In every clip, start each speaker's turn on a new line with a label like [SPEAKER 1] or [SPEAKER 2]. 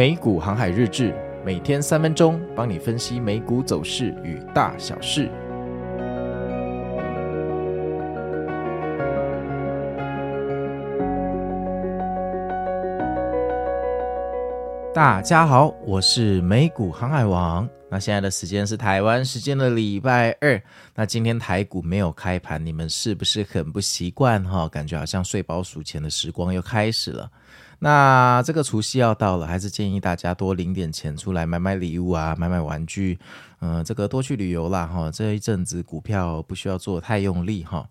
[SPEAKER 1] 美股航海日誌，每天三分鐘，幫你分析美股走勢與大小事。大家好，我是美股航海王。那現在的時間是台灣時間的禮拜二。那今天台股沒有開盤，你們是不是很不習慣哈？感覺好像睡飽數錢的時光又開始了。那這個除夕要到了，還是建議大家多領點錢出來買買禮物啊，買買玩具，嗯、呃，這個多去旅遊啦哈、哦。這一陣子股票不需要做太用力哈、哦。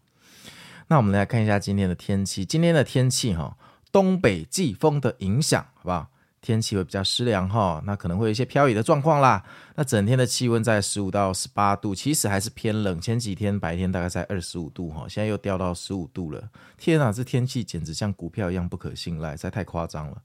[SPEAKER 1] 那我們來看一下今天的天氣，今天的天氣哈、哦，東北季風的影響，好不好？天氣會比較濕涼哈，那可能會有一些飄雨的狀況啦。那整天的氣溫在十五到十八度，其實還是偏冷。前幾天白天大概在二十五度哈，現在又掉到十五度了。天啊，這天氣簡直像股票一樣不可信賴，實在太誇張了。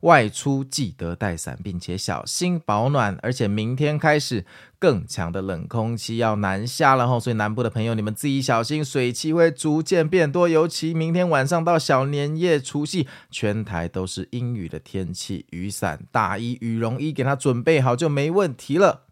[SPEAKER 1] 外出記得帶傘，並且小心保暖。而且明天開始更強的冷空氣要南下了哈，所以南部的朋友你們自己小心，水汽會逐漸變多，尤其明天晚上到小年夜除夕，全台都是陰雨的天氣，雨傘、大衣、羽絨衣給它準備好就沒問題了。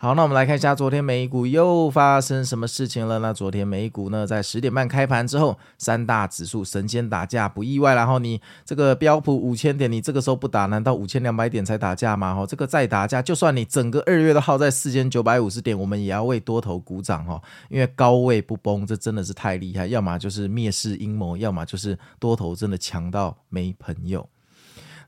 [SPEAKER 1] 好，那我們來看一下昨天美股又發生什麼事情了呢？那昨天美股呢，在十點半開盤之後，三大指數神仙打架不意外。然後你這個標普五千點，你這個時候不打，難道五千兩百點才打架嗎？哈，這個再打架，就算你整個二月都耗在四千九百五十點，我們也要為多頭鼓掌哈，因為高位不崩，這真的是太厲害。要麼就是滅世陰謀，要麼就是多頭真的強到沒朋友。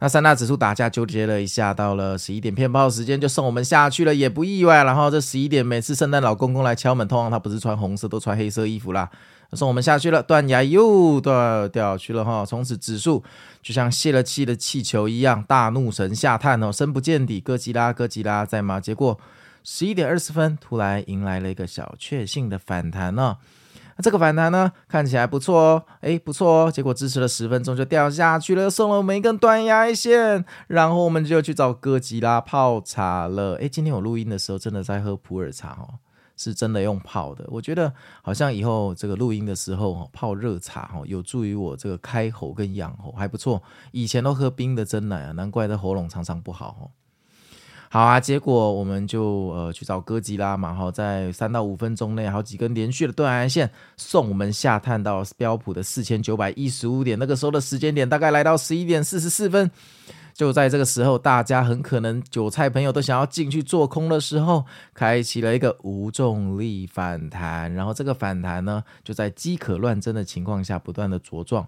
[SPEAKER 1] 那三大指數打架糾結了一下，到了十一點騙炮時間就送我們下去了，也不意外。然後這十一點每次聖誕老公公來敲門，通常他不是穿紅色，都穿黑色衣服啦，送我們下去了，斷崖又斷掉，掉去了哈、哦。從此指數就像洩了氣的氣球一樣，大怒神下探哦，深不見底。哥吉拉，哥吉拉在嗎？結果十一點二十分，突然迎來了一個小確幸的反彈呢、哦。這個反彈呢，看起來不錯哦，哎，不錯哦，結果支持了十分鐘就掉下去了，送了我們一根斷崖線，然後我們就去找哥吉拉泡茶了。哎，今天我錄音的時候真的在喝普洱茶哦，是真的用泡的。我覺得好像以後這個錄音的時候哦，泡熱茶哦，有助於我這個開喉跟養喉還不錯。以前都喝冰的珍奶啊，難怪這喉嚨常常不好哦。好啊，結果我們就呃去找哥吉拉嘛，好，在三到五分鐘內，好幾根連續的斷崖線送我們下探到標普的四千九百一十五點，那個時候的時間點大概來到十一點四十四分，就在這個時候，大家很可能韭菜朋友都想要進去做空的時候，開啟了一個無重力反彈，然後這個反彈呢，就在飢渴亂爭的情況下不斷的茁壯。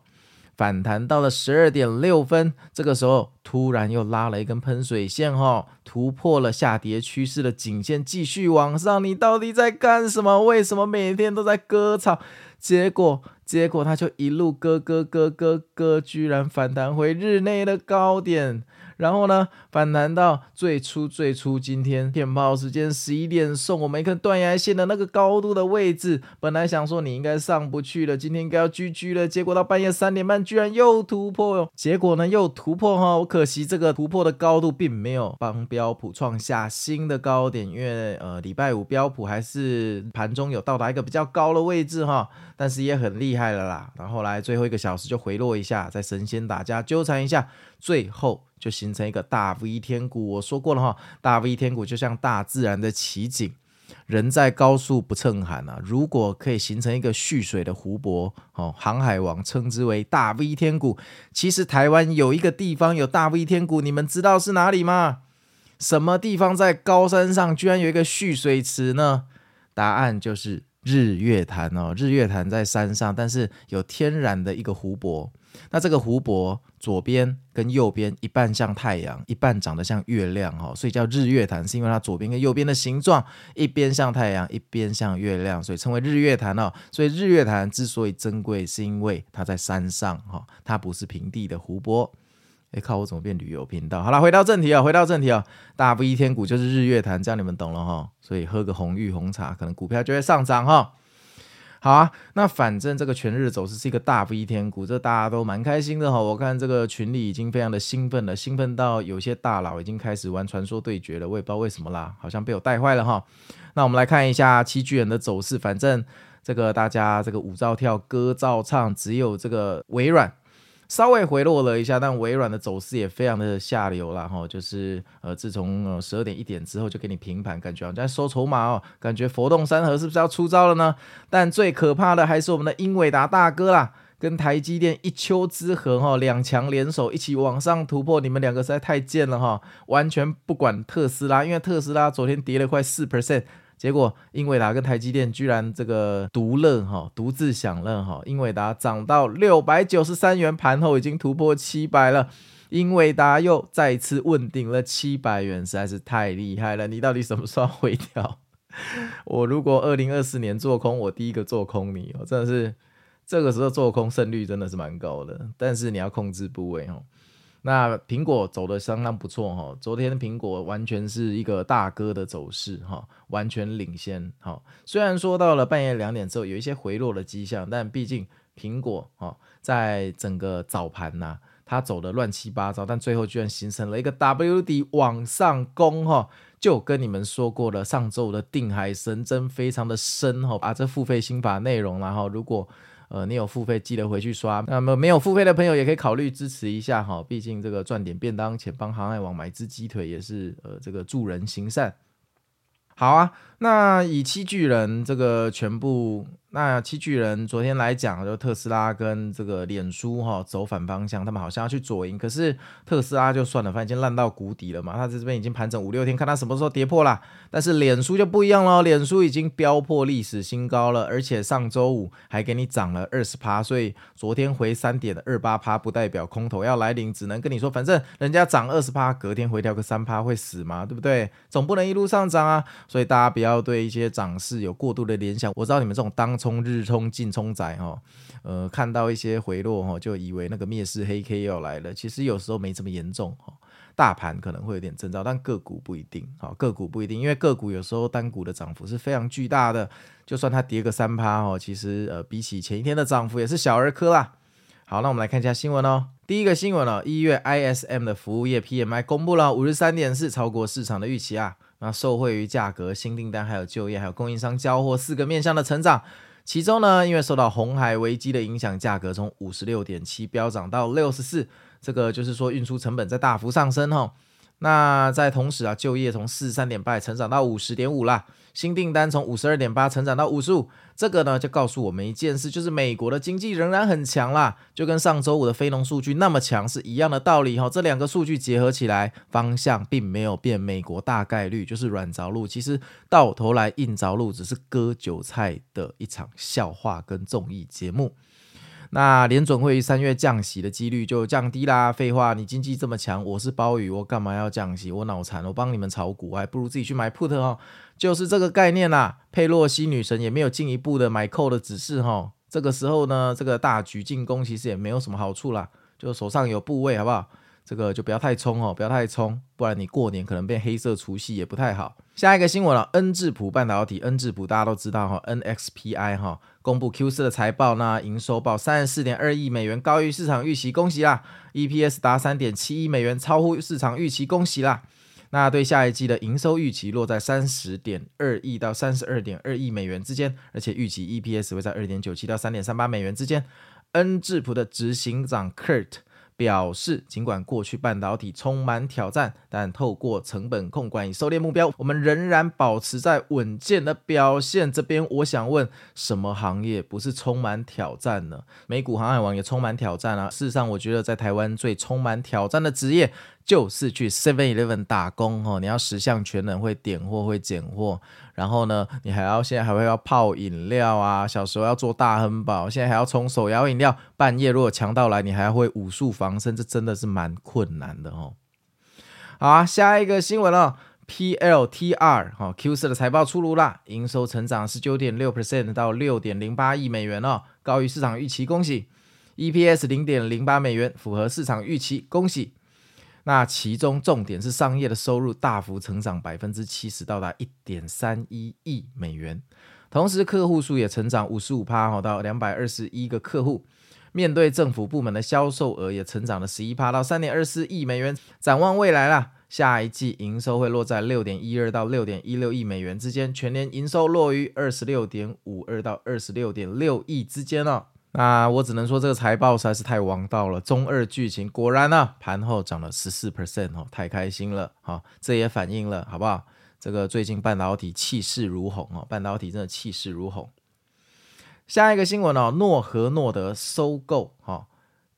[SPEAKER 1] 反彈到了十二點六分，這個時候突然又拉了一根噴水線，哈，突破了下跌趨勢的頸線，繼續往上。你到底在幹什麼？為什麼每天都在割草？結果，結果他就一路割割割割割，居然反彈回日內的高點。然後呢，反彈到最初最初今天台北時間，十一點送我們一根斷崖線的那個高度的位置。本來想說，你應該上不去了，今天應該要 GG 了。結果到半夜三點半，居然又突破喲、哦！結果呢，又突破哈、哦！我可惜這個突破的高度並沒有幫標普創下新的高點，因為呃禮拜五標普還是盤中有到達一個比較高的位置哈、哦，但是也很厲害了啦。然後來最後一個小時就回落一下，在神仙打架糾纏一下，最後。就形成一個大 V 天谷，我說過了哈，大 V 天谷就像大自然的奇景，人在高處不勝寒啊。如果可以形成一個蓄水的湖泊，哦，航海王稱之為大 V 天谷。其實台灣有一個地方有大 V 天谷，你們知道是哪裡嗎？什麼地方在高山上居然有一個蓄水池呢？答案就是日月潭哦，日月潭在山上，但是有天然的一個湖泊。那這個湖泊。左邊跟右邊一半像太陽，一半長得像月亮，哈，所以叫日月潭，是因為它左邊跟右邊的形狀，一邊像太陽，一邊像月亮，所以稱為日月潭哦。所以日月潭之所以珍貴，是因為它在山上，哈，它不是平地的湖泊。欸、靠，我怎麼變旅遊頻道？好了，回到正題喔、回到正題喔、大 V 天谷就是日月潭，這樣你們懂了哈、喔。所以喝個紅玉紅茶，可能股票就會上漲哈、喔。好啊，那反正這個全日走勢是一個大 V 天股，這大家都蠻開心的哈。我看這個群裡已經非常的興奮了，興奮到有些大佬已經開始玩傳說對決了。我也不知道為什麼啦，好像被我帶壞了哈。那我們來看一下七巨人的走勢，反正這個大家這個舞照跳，歌照唱，只有這個微軟。稍微回落了一下，但微軟的走勢也非常的下流了哈、哦，就是呃自從十二點、呃、一點之後就給你平盤，感覺好像在收籌碼哦，感覺佛動山河是不是要出招了呢？但最可怕的還是我們的英偉達大哥啦，跟台積電一丘之貉哈、哦，兩強聯手一起往上突破，你們兩個實在太賤了哈、哦，完全不管特斯拉，因為特斯拉昨天跌了快四 percent。結果英偉達跟台積電居然這個獨樂哈，獨自享樂哈。英偉達漲到六百九十三元，盤後已經突破七百了。英偉達又再次問鼎了七百元，實在是太厲害了。你到底什麼時候回調？我如果二零二四年做空，我第一個做空你，我真的是這個時候做空勝率真的是蠻高的。但是你要控制部位哦。那蘋果走的相當不錯哈，昨天蘋果完全是一個大哥的走勢哈，完全領先哈。雖然說到了半夜兩點之後有一些回落的跡象，但畢竟蘋果啊在整個早盤吶、啊，它走的亂七八糟，但最後居然形成了一個 WD 往上攻哈。就跟你們說過了，上週的定海神針非常的深把啊這付費心法內容然、啊、後如果。呃，你有付費記得回去刷，那、呃、麼沒有付費的朋友也可以考慮支持一下哈，畢竟這個賺點便當錢，幫航海王買隻雞腿也是呃這個助人行善，好啊。那以七巨人這個全部。那七巨人昨天來講，就特斯拉跟這個臉書哈走反方向，他們好像要去左營。可是特斯拉就算了，反正已經爛到谷底了嘛，他在這邊已經盤整五六天，看他什麼時候跌破啦。但是臉書就不一樣嘍，臉書已經飆破歷史新高了，而且上周五還給你漲了二十趴，所以昨天回三點二八趴，不代表空頭要來臨，只能跟你說，反正人家漲二十趴，隔天回調個三趴會死嘛，對不對？總不能一路上漲啊，所以大家不要對一些漲勢有過度的聯想。我知道你們這種當。衝日衝進衝窄哈、哦，呃，看到一些回落哈、哦，就以為那個滅世黑 K 要來了。其實有時候沒這麼嚴重哈、哦，大盤可能會有點徵兆，但個股不一定哈、哦，個股不一定，因為個股有時候單股的漲幅是非常巨大的，就算它跌個三趴哈，其實呃比起前一天的漲幅也是小兒科啦。好，那我們來看一下新聞哦。第一個新聞哦，一月 ISM 的服務業 PMI 公布了五十三點四，超過市場的預期啊，那受惠於價格、新訂單還有就業還有供應商交貨四個面向的成長。其中呢，因為受到紅海危機的影響，價格從五十六點七飆漲到六十四，這個就是說運輸成本在大幅上升吼，哦。那在同時啊，就業從四十三點八成長到五十點五啦。新訂單從五十二點八成長到五十五，這個呢就告訴我們一件事，就是美國的經濟仍然很強啦，就跟上周五的非農數據那麼強是一樣的道理哈、哦。這兩個數據結合起來，方向並沒有變，美國大概率就是軟着陸。其實到頭來硬着陸只是割韭菜的一場笑話跟綜藝節目。那連準會三月降息的幾率就降低啦。廢話，你經濟這麼強，我是鮑魚，我幹嘛要降息？我腦殘，我幫你們炒股，還不如自己去買 put 哈、哦。就是這個概念啦、啊。佩洛西女神也沒有進一步的買 call 的指示哈、哦。這個時候呢，這個大局進攻其實也沒有什麼好處啦。就手上有部位好不好？這個就不要太衝哦，不要太衝，不然你過年可能變黑色除夕也不太好。下一個新聞了，恩智浦半導體，恩智浦大家都知道哈，NXPI 哈。公布 Q4 的財報，那營收報三十四點二億美元，高於市場預期，恭喜啦！EPS 達三點七一美元，超乎市場預期，恭喜啦！那對下一季的營收預期落在三十點二億到三十二點二億美元之間，而且預期 EPS 會在二點九七到三點三八美元之間。恩智浦的執行長 Kurt，表示，儘管過去半導體充滿挑戰，但透過成本控管與狩獵目標，我們仍然保持在穩健的表現。這邊我想問，什麼行業不是充滿挑戰呢？美股航海王也充滿挑戰啊！事實上，我覺得在台灣最充滿挑戰的職業就是去 Seven Eleven 打工哦。你要十項全能，會點貨，會揀貨，然後呢，你還要現在還會要泡飲料啊。小時候要做大亨堡，現在還要沖手搖飲料。半夜如果強盜來，你還會武術防防身這真的是蠻困難的哦。好、啊，下一個新聞了、哦，PLTR 好、哦、Q 四的財報出爐啦。營收成長十九點六 percent 到六點零八億美元哦，高於市場預期，恭喜。EPS 零點零八美元，符合市場預期，恭喜。那其中重點是商業的收入大幅成長百分之七十，到達一點三一億美元，同時客戶數也成長五十五趴哦，到兩百二十一個客戶。面對政府部門的銷售額也成長了十一趴到三點二四億美元。展望未來了，下一季營收會落在六點一二到六點一六億美元之間，全年營收落於二十六點五二到二十六點六億之間哦，那我只能說這個財報實在是太王道了，中二劇情果然啊，盤後漲了十四 percent 哦，太開心了哈，哦，這也反映了好不好？這個最近半導體氣勢如虹哦，半導體真的氣勢如虹。下一個新聞哦，諾和諾德收購哈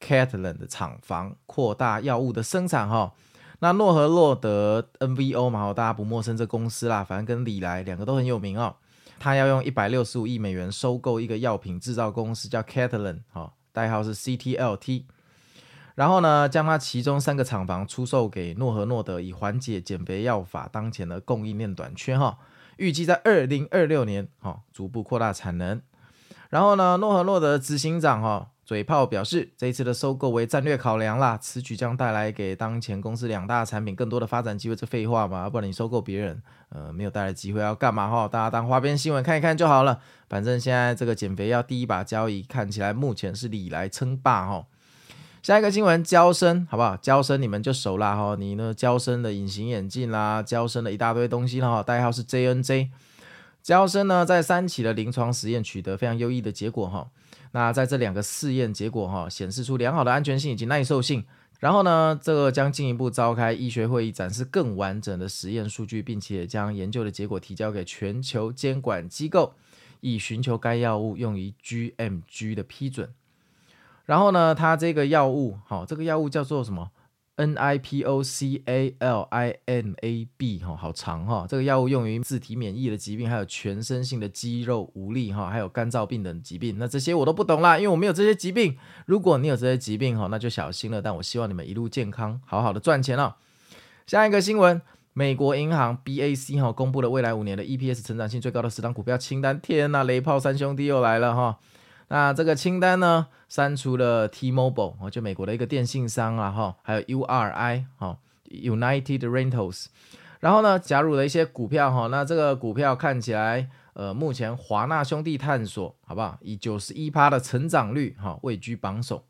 [SPEAKER 1] Catalent 的廠房，擴大藥物的生產哈。那諾和諾德 NVO 嘛，大家不陌生，這公司啦，反正跟禮來兩個都很有名哦。他要用一百六十五億美元收購一個藥品制造公司，叫 Catalent 哈，代號是 CTLT。然後呢，將它其中三個廠房出售給諾和諾德，以緩解減肥藥法當前的供應鏈短缺哈。預計在二零二六年哈，逐步擴大產能。然後呢，諾和諾德的執行長哈、哦、嘴炮表示，這一次的收購為戰略考量啦，此舉將帶來給當前公司兩大產品更多的發展機會。這廢話嘛，要不然你收購別人，呃，沒有帶來機會要幹嘛哈、哦？大家當花邊新聞看一看就好了。反正現在這個減肥藥第一把交椅，看起來目前是禮來稱霸哈、哦。下一個新聞，嬌生好不好？嬌生你們就熟啦、哦。哈，你呢？嬌生的隱形眼鏡啦，嬌生的一大堆東西了哈、哦，代號是 JNJ。嬌生呢，在三期的臨床實驗取得非常優異的結果哈、哦。那在這兩個試驗結果哈、哦，顯示出良好的安全性以及耐受性。然後呢，這個將進一步召開醫學會議，展示更完整的實驗數據，並且將研究的結果提交給全球監管機構，以尋求該藥物用於 GMG 的批准。然後呢，它這個藥物好、哦，這個藥物叫做什麼？N I P O C A L I N A B 哈、哦，好長哈、哦，這個藥物用於自體免疫的疾病，還有全身性的肌肉無力哈、哦，還有乾燥病等疾病。那這些我都不懂啦，因為我沒有這些疾病。如果你有這些疾病哈、哦，那就小心了。但我希望你們一路健康，好好的賺錢了、哦。下一個新聞，美國銀行 B A C 哈、哦，公布了未來五年的 E P S 成長性最高的十檔股票清單。天哪，雷炮三兄弟又來了哈。哦那這個清單呢，刪除了 T-Mobile，就美國的一個電信商啊，哈，還有 URI，哈，United Rentals，然後呢，加入了一些股票哈，那這個股票看起來，呃，目前華納兄弟探索好不好？以九十一趴的成長率哈，位居榜首。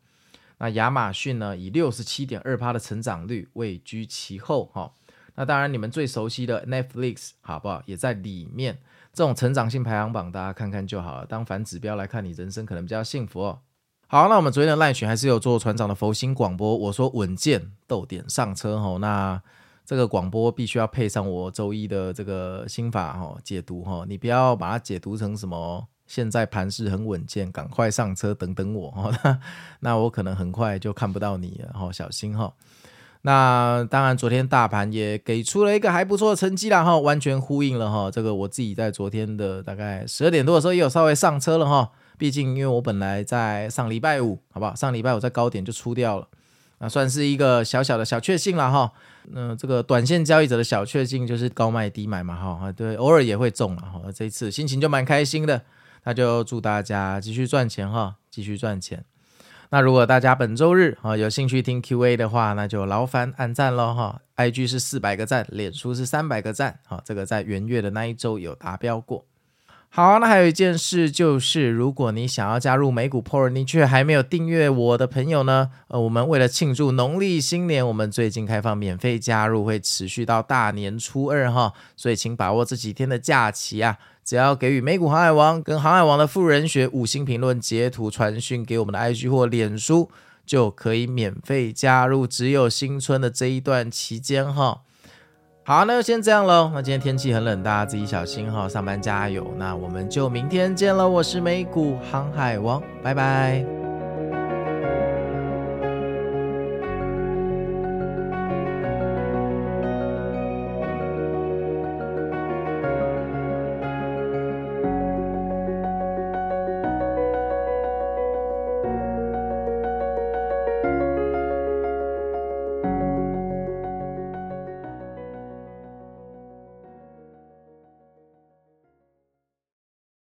[SPEAKER 1] 那亞馬遜呢，以六十七點二趴的成長率位居其後哈。那當然，你們最熟悉的 Netflix 好不好？也在裡面。這種成長性排行榜，大家看看就好了。當反指標來看，你人生可能比較幸福哦。好，那我們昨天的 line 群還是有做船長的佛心廣播。我說穩健，逗點上車哈。那這個廣播必須要配上我週一的這個心法哈解讀哈。你不要把它解讀成什麼現在盤勢很穩健，趕快上車等等我哈。那我可能很快就看不到你了哈，小心哈。那當然，昨天大盤也給出了一個還不錯的成績了，然後完全呼應了哈。這個我自己在昨天的大概十二點多的時候也有稍微上車了哈。畢竟因為我本來在上禮拜五，好不好？上禮拜五在高點就出掉了，那算是一個小小的小確幸了哈。那、呃、這個短線交易者的小確幸就是高賣低買嘛哈。對，偶爾也會中了哈。這一次心情就蠻開心的，那就祝大家繼續賺錢哈，繼續賺錢。那如果大家本周日啊有興趣聽 Q&A 的話，那就勞煩按贊嘍哈！IG 是四百個贊，臉書是三百個贊，啊，這個在元月的那一周有達標過。好，那還有一件事就是，如果你想要加入美股 PORT，你卻還沒有訂閱我的朋友呢？呃，我們為了慶祝農曆新年，我們最近開放免費加入，會持續到大年初二哈，所以請把握這幾天的假期啊！只要給予美股航海王跟航海王的富人學五星評論截圖傳訊給我們的 IG 或臉書，就可以免費加入，只有新春的這一段期間哈。好，那就先這樣嘍。那今天天氣很冷，大家自己小心哈、哦。上班加油，那我們就明天見了。我是美股航海王，拜拜。